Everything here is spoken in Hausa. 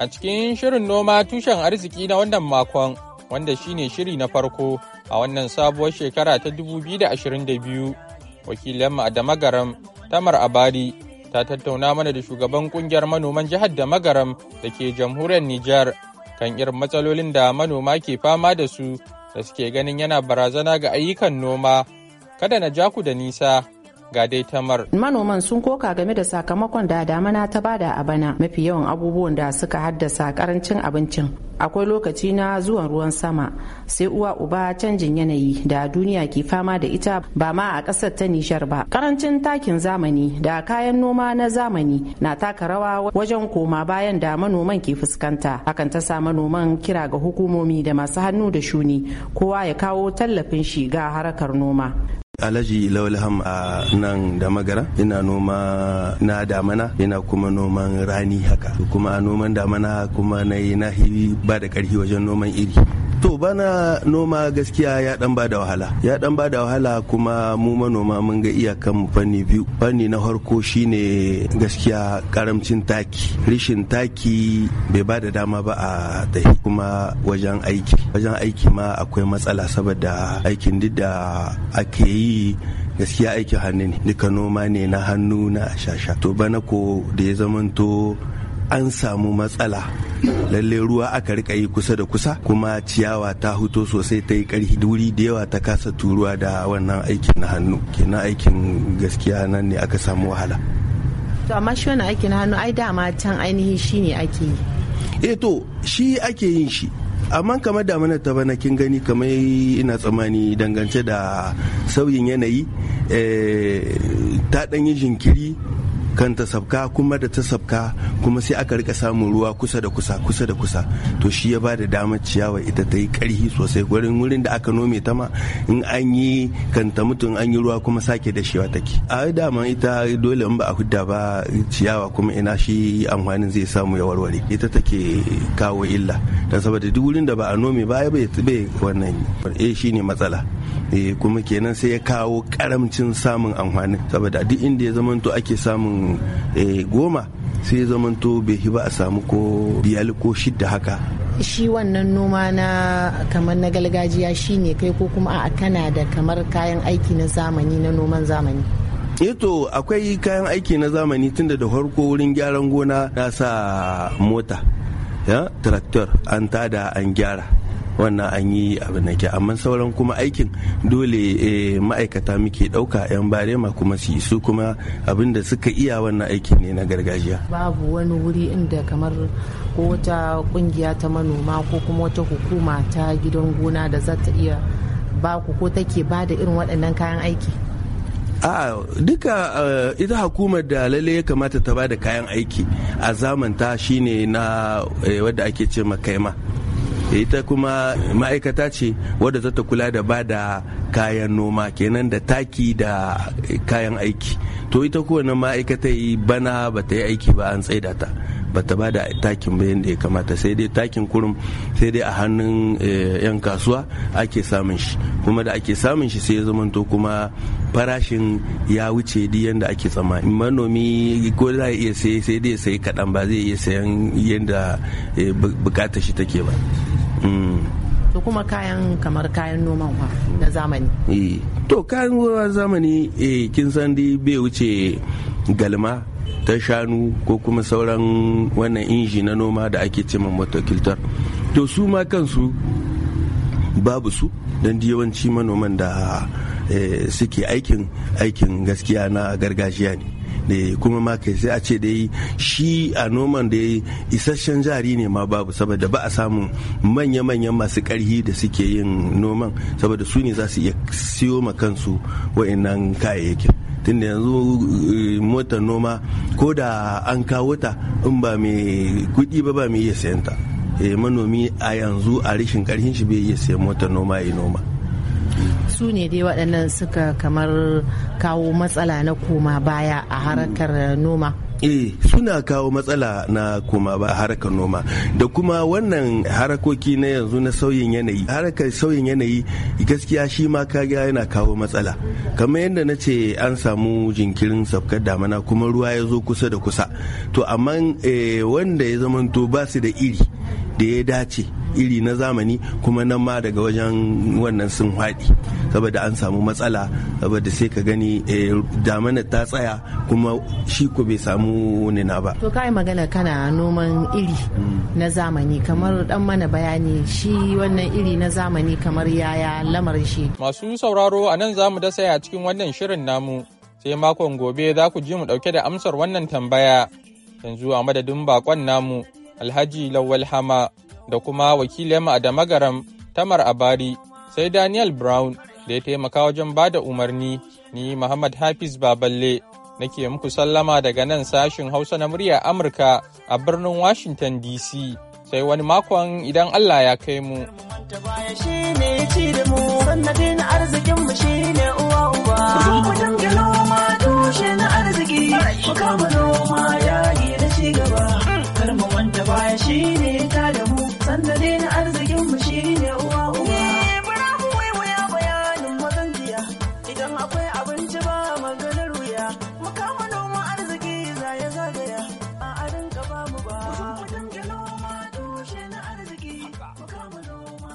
A cikin shirin noma tushen arziki na wannan makon, wanda shine shiri na farko a wannan sabuwar shekara ta 2022, wakilan a Garam, Tamar Abari, ta tattauna mana da shugaban kungiyar manoman jihar da magaram da ke jamhuriyar Nijar kan irin matsalolin da manoma ke fama da su da suke ganin yana barazana ga ayyukan noma. Kada na ja ku da nisa. ga dai tamar. Manoman sun koka game da sakamakon da damana ta bada a bana mafi yawan abubuwan da suka haddasa karancin abincin. Akwai lokaci na zuwan ruwan sama sai uwa uba canjin yanayi da duniya ke fama da ita ba ma a ƙasar ta Nishar ba. Karancin takin zamani da kayan noma na zamani na taka rawa wajen koma bayan da manoman ke fuskanta. Hakan ta sa manoman kira ga hukumomi da masu hannu da shuni kowa ya kawo tallafin shiga ga harkar noma. Alhaji Laulham a nan da magara ina noma na damana ina kuma noman rani haka kuma a noman damana kuma na yi na ba da karfi wajen noman iri to bana noma gaskiya ya dan bada wahala ya dan bada wahala kuma mu manoma mun ga iyakan mu fanni biyu fanni na harko shine gaskiya karamcin taki rishin taki bai ba da dama ba a tafi kuma wajen aiki wajen aiki ma akwai matsala saboda aikin duk da ake yi gaskiya aikin hannu ne duka noma ne na hannu na shasha to bana ko da ya zamanto an samu matsala lalle ruwa aka rika yi kusa da kusa kuma ciyawa ta huto sosai ta yi karhi duri da yawa ta kasa turuwa da wannan aikin na hannu kenan aikin gaskiya nan ne aka samu wahala to amma shi wannan aikin hannu ai dama can ainihin shi ne ake yi eh to shi ake yin shi amma kamar damana ta bana kin gani kamar ina tsammani dangance da sauyin yanayi eh, ta ɗanyi jinkiri kan ta sabka kuma da ta sabka kuma sai aka rika samun ruwa kusa da kusa kusa da kusa to shi ya ba da damar ciyawa ita ta yi karhi sosai gurin wurin da aka nome ta ma in an yi kanta mutum an yi ruwa kuma sake da dashewa take a dama ita dole in ba a hudda ba ciyawa kuma ina shi amfanin zai samu ya warware ita take kawo illa don saboda duk wurin da ba a nome ba ya bai wannan eh shine matsala eh kuma kenan sai ya kawo karamcin samun amfani saboda duk inda ya zamanto ake samun eh, goma sai ya zamanto bai ba a samu ko biyar ko shidda haka shi wannan noma na kamar na gargajiya shine kai ko kuma a kana da kamar kayan aiki na zamani na noman zamani eto eh akwai kayan aiki na zamani tunda da harko wurin gyaran gona na sa mota ya traktor an tada an gyara wannan an yi abin da ke amma sauran kuma aikin dole eh, ma'aikata muke ɗauka 'yan barema kuma su su kuma abin da suka iya wannan aikin ne na gargajiya babu wani wuri inda kamar ko wata kungiya ta manoma ko kuma wata hukuma ta gidan gona da za ta iya ba ku ko take ba da irin waɗannan kayan aiki a duka eh, ita hukumar da lalle ya kamata ta ba da kayan aiki a zamanta shine na eh, wadda ake ce makaima ita kuma ma'aikata ce wadda za ta kula da ba da kayan noma kenan da taki da kayan aiki to ita kowane ma'aikata yi bana ba ta yi aiki ba an tsaida ta ba ta ba da takin ba yadda ya kamata sai dai takin kurum sai dai a hannun eh, 'yan kasuwa ake samun shi kuma da ake samun shi sai ya zama zamanto kuma farashin ya wuce di yadda ake tsammani manomi ko za a iya sai sai dai sai kaɗan ba zai iya sayan yadda eh, bukatar shi take ba to kuma kayan kamar kayan noman na zamani eh, to kayan wa zamani eh, kin san dai bai wuce galma ta shanu ko kuma sauran wannan inji na noma da ake cema motokiltar to su ma kansu babu su don yawanci manoman da eh, suke aikin aikin gaskiya na gargajiya ne da kuma ma kai sai a ce dai shi a noman da isasshen jari ne ma babu saboda ba a samun manya-manyan masu karhi da suke yin noman saboda su ne za su iya siyo ma kansu wa'annan kayayyakin tun tunda yanzu eh, motar noma ko da an kawo ta in ba mai kudi ba ba mai iya sayanta eh, manomi a yanzu a rashin karhin shi bai iya sayan motar noma ya noma su ne dai waɗannan suka kamar kawo matsala na koma baya a harkar noma E suna kawo matsala na koma ba harkar noma da kuma wannan harakoki na yanzu na sauyin yanayi harakar sauyin yanayi gaskiya shi ma kaga yana kawo matsala kamar yadda na ce an samu jinkirin safkar damana kuma ruwa ya zo kusa da kusa to amma eh, wanda ya zamanto ba su da iri da ya dace iri na zamani kuma nan ma daga wajen wannan sun haɗi saboda an samu matsala saboda sai ka gani eh, damanar ta tsaya kuma shi ko bai samu nina ba to kai magana kana noman iri na zamani kamar dan mana bayani shi wannan iri na zamani kamar yaya lamarin shi masu sauraro a nan zamu dasa a cikin wannan shirin namu sai makon gobe za ku ji mu dauke da amsar wannan tambaya yanzu a madadin bakon namu Alhaji Lawal Hama da kuma wakilin da magaram Tamar Abari sai Daniel Brown da ya taimaka wajen ba da umarni ni Muhammad Hafiz Baballe nake muku sallama daga nan sashin Hausa na murya Amurka a birnin Washington DC sai wani makon idan Allah ya kai mu. Sanadin arzikinmu shine uwa uba.